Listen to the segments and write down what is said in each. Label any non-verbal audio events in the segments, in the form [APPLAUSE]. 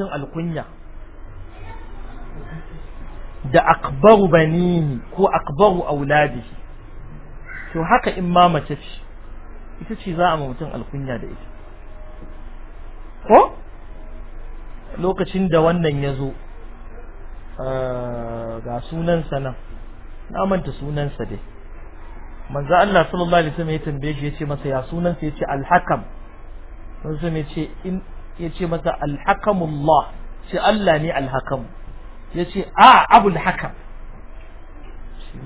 cikin alkunya da akbaru banini ko akbaru auladi to haka in ma mace ce ita ce za a ma mutum alkunya da ita ko lokacin da wannan ya zo ah, ga sunansa nan na manta sunansa dai manzo Allah sallallahu alaihi wasallam ya tambaye shi yace masa ya sunansa ce al-hakam manzo ne ce in ya ce masa alhakamullah ce Allah ne alhakamu ya ce a abul hakam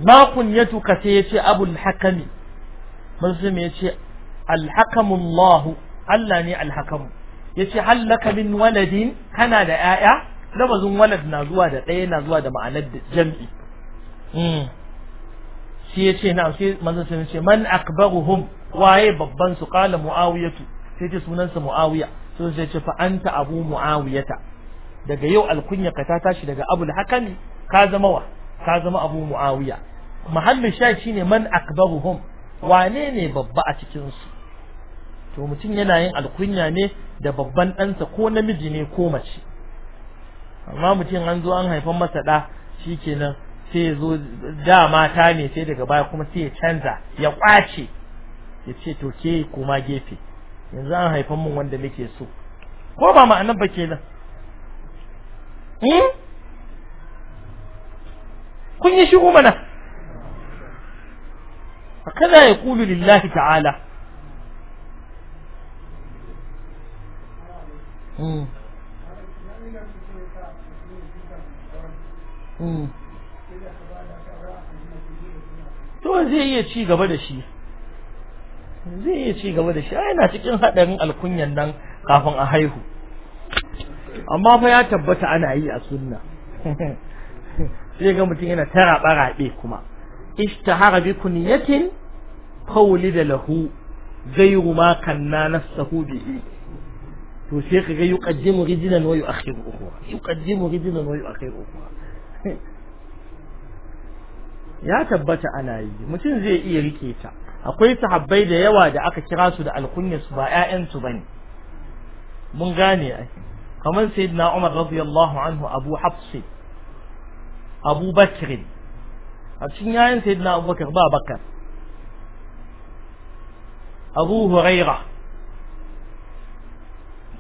makon ya tuka sai ya ce abul hakami musulmi ya ce alhakamullahu Allah ne alhakamu ya ce hallaka min waladin kana da 'ya'ya labazin walad na zuwa da ɗaya na zuwa da ma'anar jam'i hmm. shi ya ce na sai manzo sai ce man akbaruhum waye babban su kala muawiyatu sai ce sunansa muawiya sun sai ce fa anta abu muawiyata daga yau alkunya ka ta tashi daga abul hakan ka zama wa ka zama abu muawiya mahallin sha shine man akbaruhum wane ne babba a cikin su to mutum yana yin alkunya ne da babban ɗansa ko namiji ne ko mace amma mutum an zo an haifan masa ɗa shikenan sai zo da mata ne sai daga baya kuma sai ya canza ya kwace ya ce to ke kuma gefe yanzu an haifan mun wanda nake so ko ba ma'anar ba kenan hmm? kun yi shigo mana kada ya kulu lillahi ta'ala hmm. Hmm. to zai iya ci gaba da shi zai iya ci gaba da shi yana cikin haɗarin alkunyan nan kafin a haihu amma fa ya tabbata ana yi a sunna [LAUGHS] sai ga mutum yana tara barabe kuma ishtahara bi kunyatin qawli da lahu ghayru ma kanna nafsuhu bihi to sai ka ga yuqaddimu rijlan wa yu'akhiru ukhra yuqaddimu rijlan wa yu'akhiru ukhra [LAUGHS] ya tabbata ana yi mutum zai iya rike ta akwai sahabbai da yawa da aka kira su da alkunya su ba ƴaƴansu su bane mun gane ai kamar sayyidina Umar radiyallahu anhu Abu Hafs Abu Bakr a cikin yayin sayyidina Abu Bakr ba Bakar Abu huraira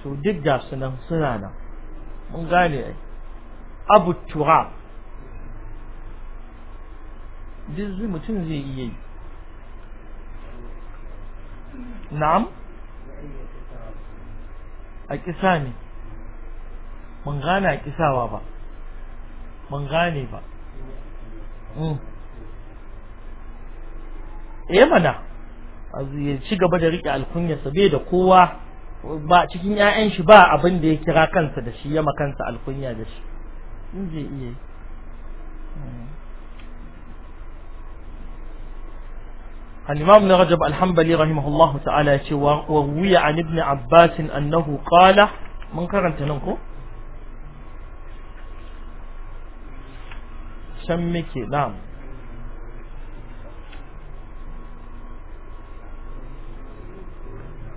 to duk da su nan suna nan mun gane ai Abu Turab duk mutum zai iya yi na'am a kisa ne mun gane a kisawa ba mun gane ba hmm. eh mana ya ci gaba da rike alkunyarsa bai da kowa ba cikin 'ya'yan shi ba abin da ya kira kansa da shi yama kansa alkunya da shi in je iye. الإمام ابن رجب الحنبلي رحمه الله تعالى وروي عن ابن عباس أنه قال من قرنت ننكو شمك نعم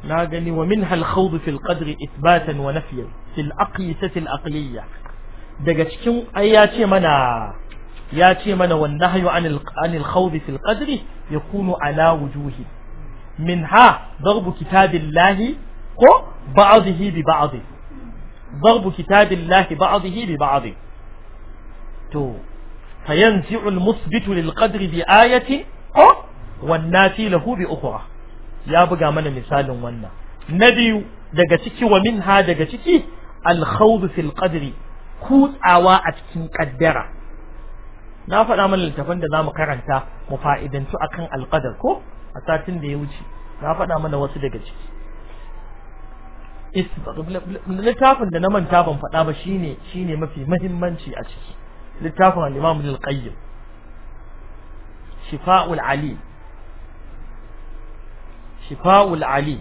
ناغني ومنها الخوض في القدر إثباتا ونفيا في الأقيسة الأقلية daga أياتي ai ya ce mana wanda hayo anil khawdi fil qadri yakunu ala wujuhi minha darbu kitabillahi ko ba'dhihi bi ba'd darbu kitabillahi ba'dhihi bi ba'd to fayanzi'u al musbitu lil bi ayati ko wannati lahu bi ukhra ya buga mana misalin wannan nabi daga ciki wa minha daga ciki al khawdu fil qadri a cikin kaddara na faɗa mana littafin da zamu karanta mu fa'idantu akan alqadar ko a satin da ya wuce na faɗa mana wasu daga ciki littafin da na manta ban faɗa ba shine shine mafi muhimmanci a ciki littafin al-Imam Ibn qayyim Shifa'ul Ali Shifa'ul Ali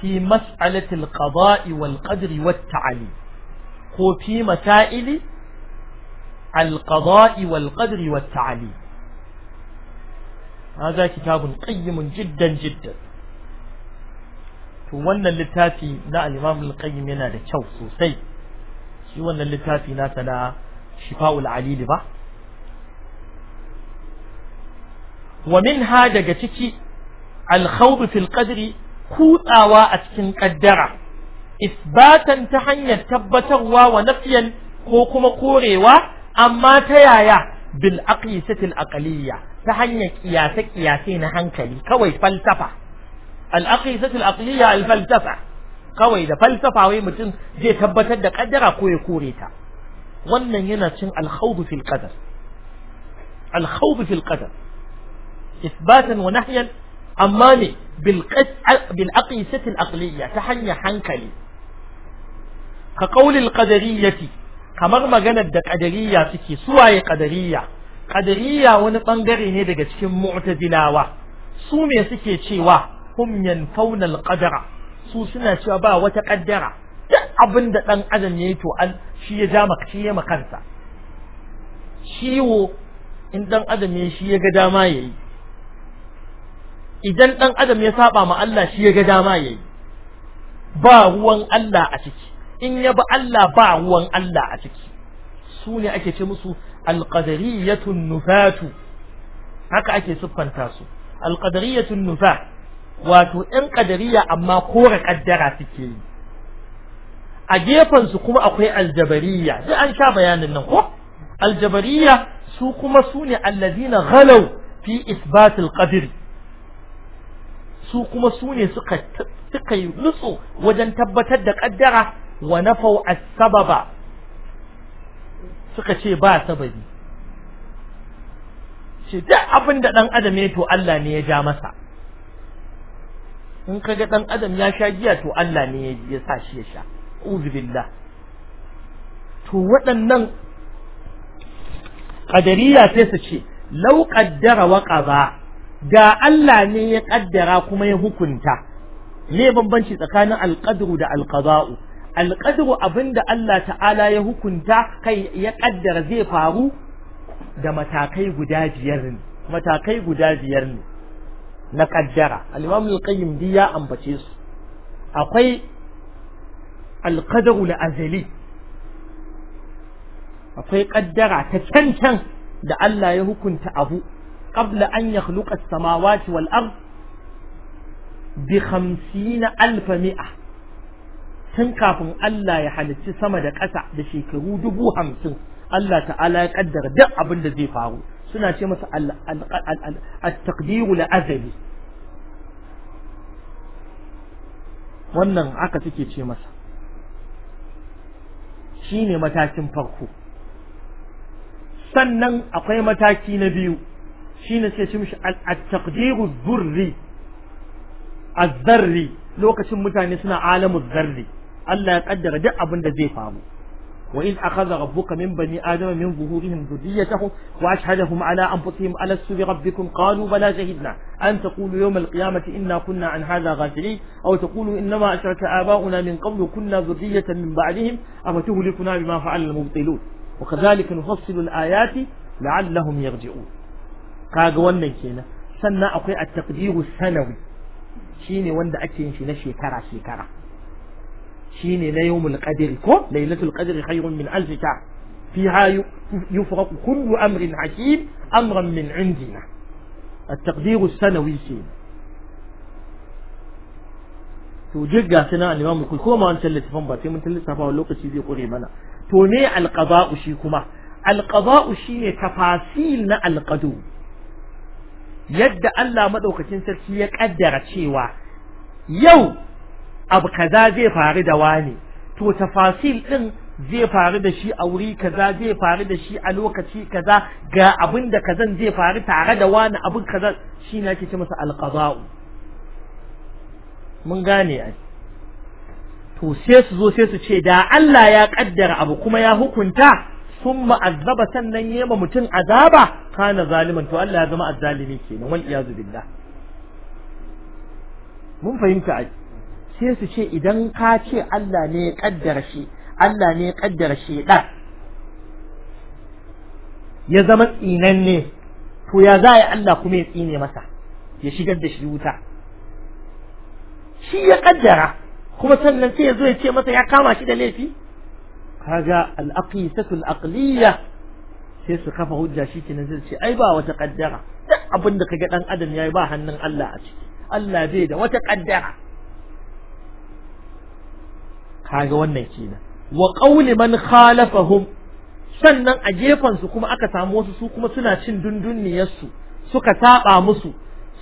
fi mas'alatil qada'i wal qadri wat ta'ali ko fi masaili القضاء والقدر والتعليم هذا كتاب قيم جدا جدا to wannan littafi na al-Imam al-Qayyim yana da kyau sosai shi wannan littafi na sana Shifa'ul alili ba wa minha daga ciki al-khawd qadri kutsawa a cikin kaddara isbatan ta hanyar tabbatarwa wa nafiyan ko kuma korewa amma ta yaya bil aqisatil aqaliyya ta hanyar kiyase kiyase na hankali kawai falsafa al aqisatil aqaliyya al falsafa kawai da falsafa wai mutum zai tabbatar da kaddara ko ya kore ta wannan yana cin al khawd fil qadar al khawd fil qadar ithbatan wa nahyan amma ne bil aqisati al aqliyya ta hanyar hankali ka qawli al qadariyyati kamar maganar da ƙadariya suke suwaye ƙadariya ƙadariya wani ɓangare ne daga cikin mu'tazilawa su me suke cewa hum yanfauna alqadara su suna cewa ba wata ƙaddara duk abin da dan adam yayi to an shi ya ja shi ya makansa ciwo in dan adam ya shi ya ga dama yayi idan dan adam ya saba ma Allah shi ya ga dama yayi ba ruwan Allah a ciki in ya bi Allah ba ruwan Allah a ciki su ne ake ce musu alqadariyatun nufatu haka ake siffanta su alqadariyatun nufa wato ƴan ƙadariya amma kore ƙaddara suke yi a gefen su kuma akwai aljabariya sai an sha bayanin nan ko aljabariya su kuma su ne allazina ghalau fi isbatil qadri su kuma su ne suka suka yi nutsu wajen tabbatar da ƙaddara. wa nafau as-sababa suka ce ba sababi shi duk abin da dan adam ya to Allah ne ya ja masa in kaga dan adam ya sha giya to Allah ne ya sa shi ya sha uzubillah to waɗannan qadariya sai su ce law qaddara wa qaza da Allah ne ya kaddara kuma ya hukunta me bambanci tsakanin al-qadru da al-qada'u alƙadru da Allah ta'ala ya hukunta kai ya ƙaddara zai faru da matakai guda biyar ne matakai guda biyar ne na ƙaddara di ya ambace su akwai alƙadaru na azali akwai ƙaddara ta cancan da Allah ya hukunta abu ƙabla an yakhluqa as-samawati wal bi 50 na mi'a tun kafin Allah ya halicci sama da ƙasa da shekaru dubu hamsin Allah ta'ala ya ƙaddara duk abin da zai faru suna ce masa al-taqdiru azali wannan aka suke ce masa shine matakin farko sannan akwai mataki na biyu shine sai ce mishi al-taqdiru az-zarri lokacin mutane suna alamu zarri Allah ya kaddara duk abin da zai faru wa in akhadha rabbuka min bani adama min zuhurihim dhurriyyatahum wa ashhadahum ala anfusihim alastu bi rabbikum qalu bala shahidna an taqulu yawm alqiyamati inna kunna an hadha ghafilin aw taqulu innama ashraka aba'una min qablu kunna dhurriyyatan min ba'dihim afatuhlikuna bima fa'ala al-mubtilun wa kadhalika nufassilu alayati la'allahum yarji'un kaga wannan kenan sannan akwai at-taqdiru sanawi shine wanda ake yin shi na shekara shekara شيني ليوم القدر كو ليلة القدر خير من ألف شهر فيها يفرق كل أمر عجيب أمرا من عندنا التقدير السنوي سين توجد قاسنا أن يمام الكل كما أنت اللي تفهم بس باتي من تلسة فاولوك سيدي قريبنا توني القضاء شيكما القضاء شيني تفاصيلنا القدو يد ألا مدوك تنسل شيك أدرت شيوا يوم abu kaza zai faru da wani to tafasil din zai faru da shi a wuri kaza zai faru da shi a lokaci kaza ga abin da kazan zai faru tare da wani abin kaza shi na ke ce masa alqaza'u mun gane a to sai su zo sai su ce da Allah ya kaddara abu kuma ya hukunta sun ma'azzaba sannan yema mutum azaba kana zaliman to Allah ya zama azzalimi kenan wal iyazu billah mun fahimta ai sai su ce idan ka ce Allah ne ya kaddara shi Allah ne ya kaddara shi dan ya zama tsinanne to ya za yi Allah kuma ya tsine masa ya shigar da shi wuta shi ya kaddara kuma sannan sai ya zo ya ce masa ya kama shi da laifi kaga al-aqisatu al-aqliyah sai su kafa hujja shi kenan zai ce ai ba wata kaddara duk abin da kaga dan adam yayi ba hannun Allah a ciki Allah bai da wata kaddara kaga wannan kenan wa qawli man khalafahum sannan a gefen su kuma aka samu wasu su kuma suna cin dundunniyar su suka saba musu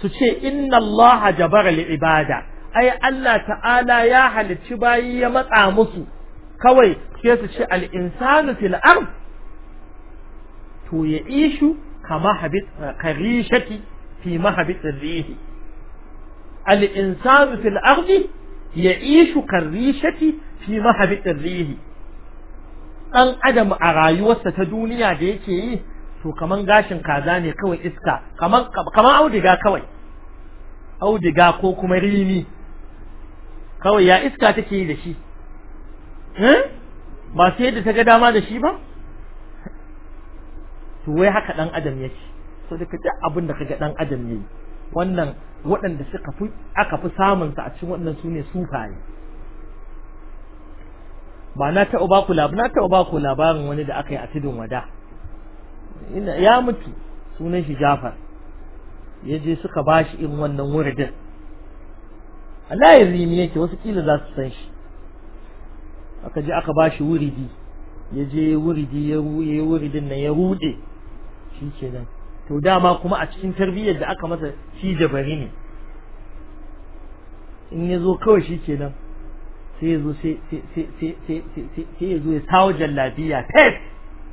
su ce inna Allah jabara li ibada ai Allah ta'ala ya halicci bayi ya matsa musu kawai sai su ce al insanu fil ard to ya ishu kama habit karishati fi mahabit rihi al insanu fil ardi ya'ishu karrishati fi mahabitir rihi Ɗan adam a rayuwarsa ta duniya da yake yi to kaman gashin kaza ne kawai iska kaman audiga kawai audiga ko kuma rimi kawai ya iska take yi da shi ba sai da ta ga dama da shi ba to wai haka ɗan adam ya yake so duka duk abin da kaga ɗan adam ya yi. wannan waɗanda suka fi aka fi samun sa a cikin waɗannan su ne sufaye ba na taɓa ba ku labarin na taɓa ba ku labarin wani da aka yi a tudun wada ya mutu sunan shi Jafar ya je suka bashi irin wannan wuridin Allah ya zimi yake wasu kila za su san shi aka je aka bashi wuridi ya je wuridi ya yi wuridin nan ya rude shi kenan to dama kuma a cikin tarbiyyar da aka masa shi jabari ne in ya zo kawai shi nan. sai ya zo sai ya zo ya sawo jallabiya tes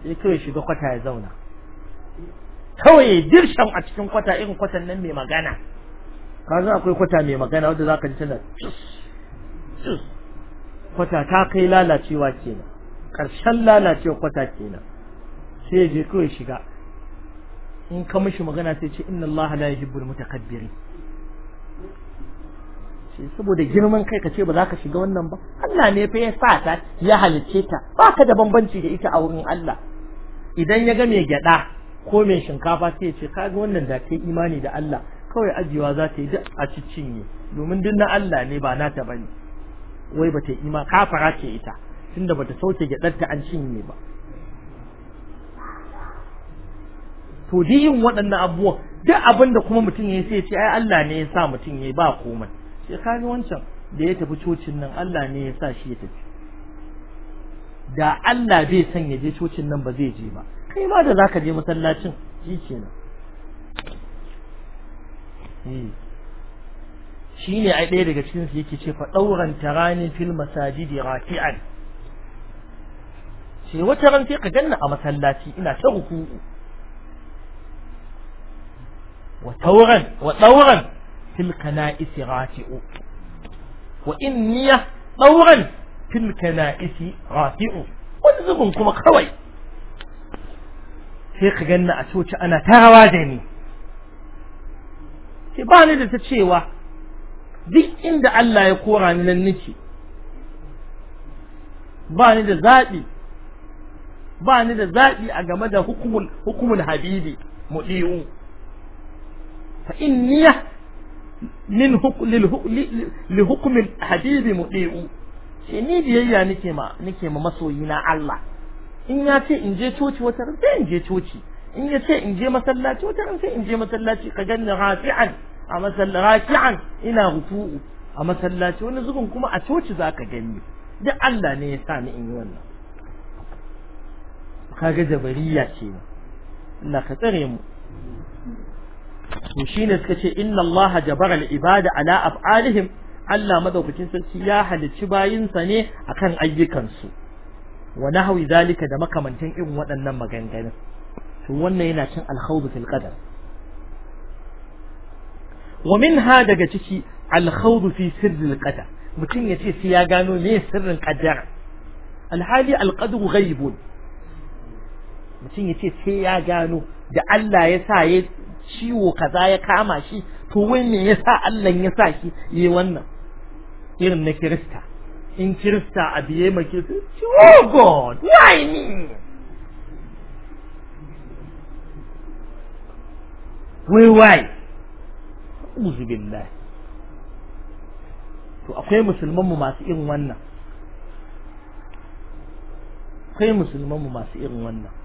sai kawai shiga kwata ya zauna kawai ya dirshan a cikin kwata irin kwatan nan mai magana ka zo akwai kwata mai magana wadda za ka ji tana kwata ta kai lalacewa kenan ƙarshen lalacewa kwata kenan sai ya je kawai shiga in ka mashi magana sai ce inna Allah la yuhibbul mutakabbirin shi saboda girman kai kace ce ba za ka shiga wannan ba Allah ne fa ya sa ta ya halicce ta ba ka da bambanci da ita a wurin Allah idan ya ga mai gyada ko mai shinkafa sai ya ce kaga wannan da kai imani da Allah kawai ajiyewa za ta yi duk a cicinye domin duk na Allah ne ba nata bane wai ba ta yi ima kafara ce ita tunda bata sauke gyadarta an cinye ba to yin waɗannan abubuwan duk abin da kuma mutum ya sai ce ai Allah ne ya sa mutum ya ba komai sai ka ga wancan da ya tafi cocin nan Allah ne ya sa shi ya tafi da Allah bai san ya je cocin nan ba zai je ba kai ma da zaka je masallacin shi kenan eh. shi ne ai ɗaya daga cikin su yake ce fa ɗauran tarani fil masajidi rafi'an sai wata ran sai ka ganna a masallaci ina ta hukuku وطوغا وطوغا تلك نائس غاتئ وإنية طوغا تلك نائس غاتئ وانزبن كما خوي شيخ قلنا أسوش أنا تغوازني تباني دي تتشيوة دي عند الله يقور عن النتي باني دي ذاتي باني دي ذاتي أقمد حكم, حكم الحبيبي مؤيئون فإني من لحكم الحبيب مطيع ce ni biyayya nake ma nake ma masoyina Allah in ya ce in je coci wata ran sai in je coci in ya ce in je masallaci wata ran sai in je masallaci ka ganni rafi'an a masallaci rafi'an ina ruku'u a masallaci wani zubin kuma a coci za ka gani duk Allah ne ya sa ni in yi wannan kaga jabariya ce Allah ka tsare mu to shine suka ce inna Allah jabara al-ibada ala af'alihim Allah madaukakin sarki ya halicci bayinsa ne akan ayyukansu wa nahwi zalika da makamantan irin waɗannan maganganun to wannan yana cin al-khawd fil qadar wa minha daga ciki al-khawd fi sirril qadar mutum ya ce sai ya gano me sirrin qaddara alhali al-qadr ghaibun mutum ya ce sai ya gano da Allah ya sa ya ciwo kaza ya kama shi to wai me yasa Allah ya sa shi yi wannan irin na kirista in kirista a biye ma kirista oh god why me wai why uzu billahi to akwai musulman mu masu irin wannan akwai musulman mu masu irin wannan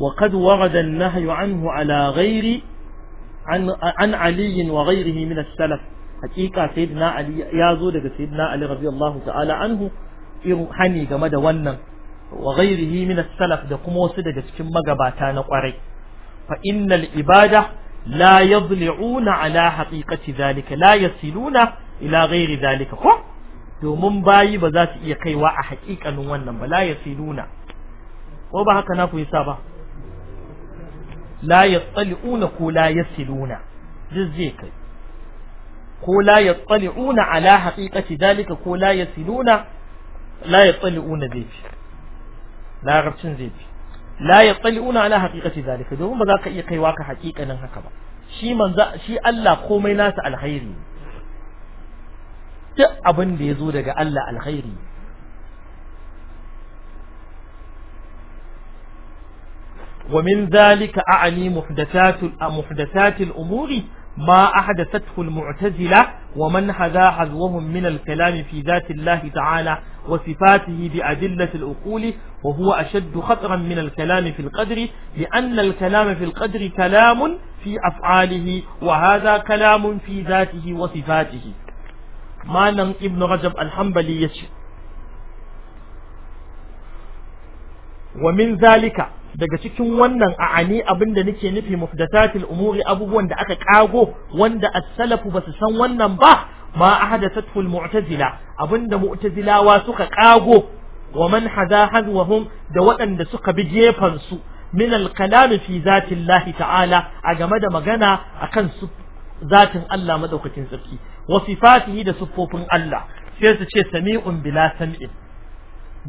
وقد ورد النهي عنه على غير عن, عن علي وغيره من السلف حقيقة سيدنا علي يازو لك سيدنا علي رضي الله تعالى عنه إرحني جمد ونن وغيره من السلف دقم وصدق كما قباتان قري فإن الإبادة لا يضلعون على حقيقة ذلك لا يصلون إلى غير ذلك خب domin bayi ba za su iya kaiwa a haƙiƙanin wannan ba la yasiluna ko ba haka na ku yasa ba la yattali'una ko la yasiluna duk zai kai ko la yattali'una ala haqiqati dalika ko la yasiluna la yattali'una zai fi larabcin zai fi la yattali'una ala haqiqati dalika domin ba za ka iya kaiwa ka haƙiƙanin haka ba shi manza shi Allah komai nasa alkhairi duk abin da ya zo daga Allah alkhairi ومن ذلك أعني محدثات محدثات الأمور ما أحدثته المعتزلة ومن حذا حذوهم من الكلام في ذات الله تعالى وصفاته بأدلة الأقول وهو أشد خطرا من الكلام في القدر لأن الكلام في القدر كلام في أفعاله وهذا كلام في ذاته وصفاته ما نم ابن رجب الحنبلي يشهد ومن ذلك daga cikin wannan a'ani abinda nake nufi muhdathatil umuri abubuwan da aka kago wanda as-salafu basu san wannan ba ma ahadathathu al-mu'tazila abinda mu'tazilawa suka kago wa man hada hadwahum da waɗanda suka bi gefan su min al-kalam fi zati Allah ta'ala a game da magana akan su zatin Allah madaukakin sarki wa sifatihi da siffofin Allah sai su ce sami'un bila sam'in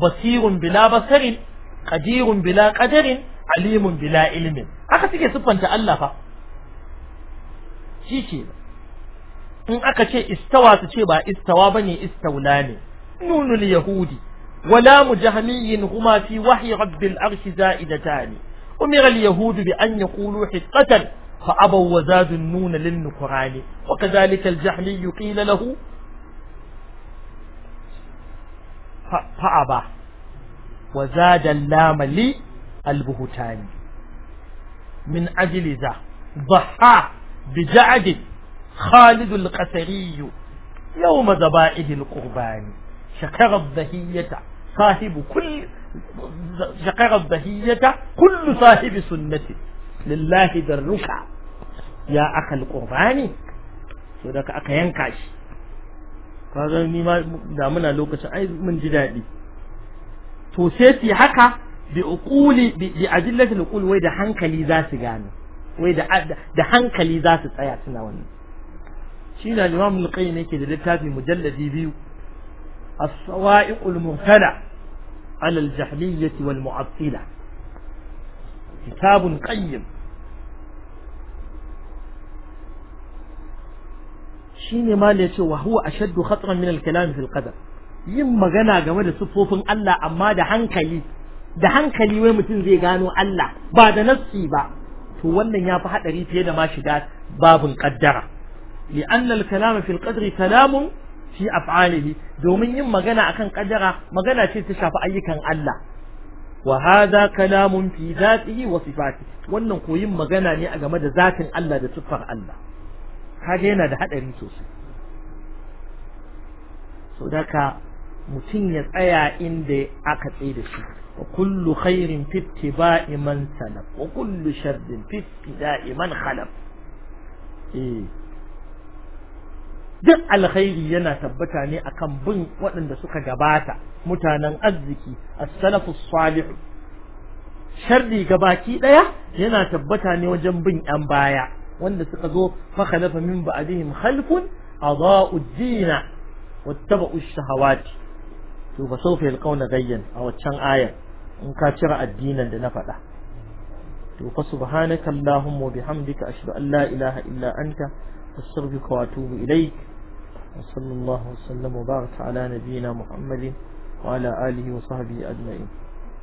basirun bila basarin qadirun bila qadarin alimun bila ilmin aka suke siffanta Allah fa shi in aka ce istawa su ce ba istawa bane istaula ne nunul yahudi wala mujahmiyin huma fi wahyi rabbil arshi za'idatan umira al Yahudi bi an yaqulu hiqatan fa abaw wa zadu nun lin nuqrani wa kadhalika al jahmi qila lahu fa aba وزاد اللام لي البهتاني من أجل ذا ضحى بجعد خالد القسري يوم ذبائه القربان شكر الضهية صاحب كل شكر الضهية كل صاحب سنة لله ذرك يا أخ القربان سودك أكينكاش kaga ni ma da muna lokacin ai mun ji to sai su haka bi uquli bi adillatil uqul wai da hankali za su gane wai da da hankali za su tsaya suna wannan shi da Imam al-Qayyim yake da littafi mujalladi biyu as-sawa'iqul muhtala ala al-jahmiyyah wal mu'attila kitabun qayyim shine ma ya ce wa huwa ashaddu khatran min al-kalam fi al-qadar yin magana game da sufofin Allah amma da hankali da hankali wai mutum zai gano Allah ba da nassi ba to wannan ya fi haɗari fiye da ma shiga babin ƙaddara li'anna al-kalamu fil qadri kalamun fi af'alihi domin yin magana akan ƙaddara magana ce ta shafi ayyukan Allah wa hadha kalamun fi zatihi wa sifatihi wannan koyin magana ne a game da zafin Allah da siffar Allah kaga yana da haɗari sosai so mutum ya tsaya inda aka tsaye da shi wa kullu khairin fitti ba man salaf wa kullu sharrin fitti da man khalaf eh duk alkhairi yana tabbata ne akan bin waɗanda suka gabata mutanen arziki as-salafus salih sharri gabaki daya yana tabbata ne wajen bin yan baya wanda suka zo fa khalafa min ba'dihim khalfun adaa'u ad-din wattaba'u ash-shahawati to fa sawfa yalqawna gayyan a waccan ayar in ka cire addinin da na faɗa to fa subhanaka allahumma bihamdika ashhadu an la ilaha illa anta astaghfiruka wa atubu ilaik wa sallallahu wa sallam wa baraka ala nabiyyina muhammadin wa ala alihi wa sahbihi ajma'in